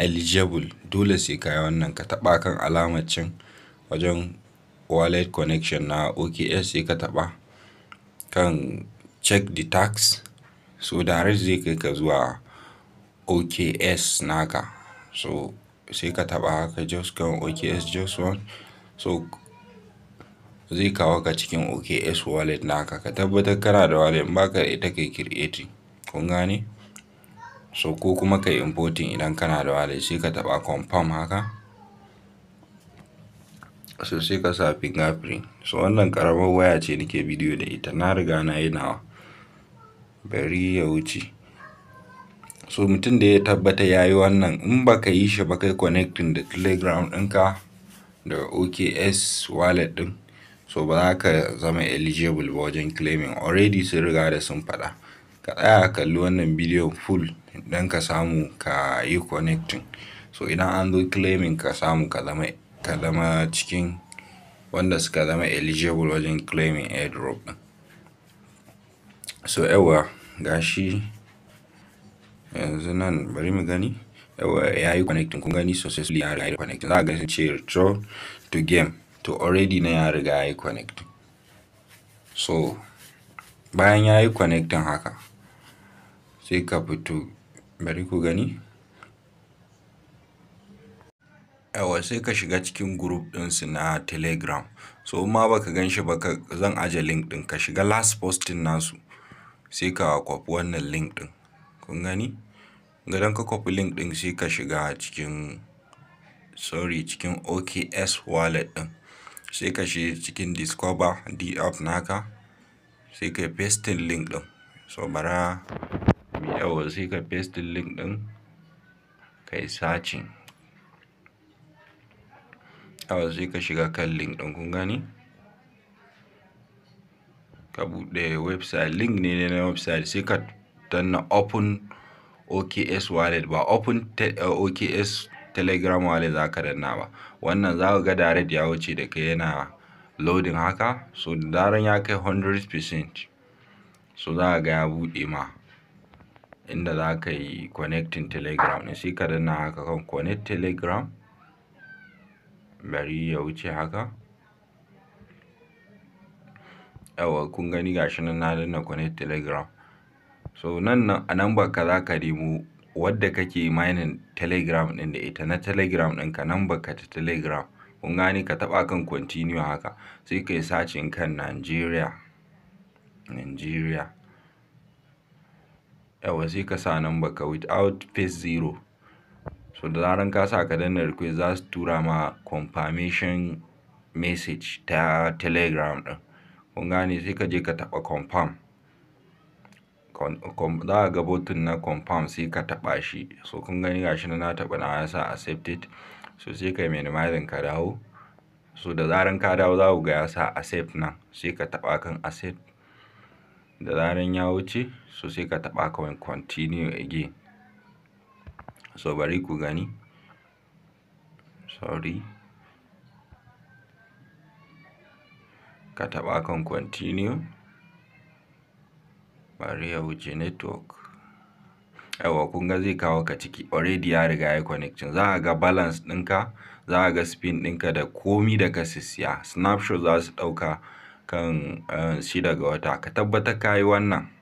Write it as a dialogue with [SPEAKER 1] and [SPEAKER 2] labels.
[SPEAKER 1] eligible dole sai kayi wannan ka taɓa kan alamar can wajen wallet connection na oks sai ka taɓa kan check the tax so direct zai kai ka zuwa oks naka so sai ka taɓa ka just kan oks just one so zai kawo ka cikin oks wallet naka ka tabbatar kana da wallet in baka ita kai creating kun gane so ko kuma ka yi importing idan kana da wale sai ka taɓa confirm haka so sai ka sa fingerprint so wannan karamar waya ce nake bidiyo da ita na riga na yi nawa bari ya wuce so mutum da ya tabbata ya yi wannan in ba ka yi shi ba kai connecting da telegram ɗinka da OKS wallet ɗin so ba za ka zama eligible ba wajen claiming already sun riga da sun faɗa ka tsaya kalli wannan bidiyo full don ka samu ka yi connecting so idan an zo claiming ka samu ka zama ka zama cikin wanda suka zama eligible wajen claiming airdrop ɗin so yawa gashi yanzu nan bari mu gani yawa ya yi connecting kun gani successfully ya riga ya connecting za a ga ce return to game to already na ya riga ya yi connecting so bayan ya yi connecting haka sai ka fito bari ku gani yawa sai ka shiga cikin group ɗinsu na telegram so ma baka gan shi ba zan aje link ɗin ka shiga last posting nasu sai ka kwafi wannan link ɗin kun gani gadon ka kwafi link ɗin sai ka shiga cikin sorry cikin OKS wallet ɗin sai ka shi cikin discover d app naka sai ka pasting link ɗin so bara abu yawa sai ka paste link ɗin ka yi searching yawa sai ka shiga kan link ɗin kun gani ka buɗe website link ne na website sai ka danna open OKS wallet ba open eh, OKS telegram wallet za ka danna ba wannan za ka ga direct ya wuce da kai yana loading haka so da daren ya kai 100% so za ka ga ya buɗe ma inda za ka yi connecting telegram ne shi ka danna haka kan connect telegram bari ya wuce haka yawa kun gani gashi nan na danna connect telegram so nan nan a number ka za ka nemo wadda kake mining telegram ɗin da ita na telegram ka number ka ta telegram kun gani ka taɓa kan continue haka sai ka yi searching kan Nigeria Nigeria yawa sai ka sa number ka without face zero so da zaran ka sa ka danna request za su tura ma confirmation message ta telegram din kun gane sai ka je ka taɓa confirm za ga button na confirm sai ka taɓa shi so kun gani gashi na taɓa na ya sa accepted so sai ka minimizing ka dawo so da zaran ka dawo za ku ga ya sa accept nan sai ka taɓa kan accept da zaran ya wuce so sai ka taɓa kawai continue again so bari ku gani sorry ka taɓa kan continue bari ya wuce network yawa kun ga zai kawo ka ciki already ya riga ya connection za ka ga balance ɗinka za ka ga spin ɗinka da komi da ka sissiya snapshot za su ɗauka Kan eh, shida ga wata ka tabbatar ka yi wannan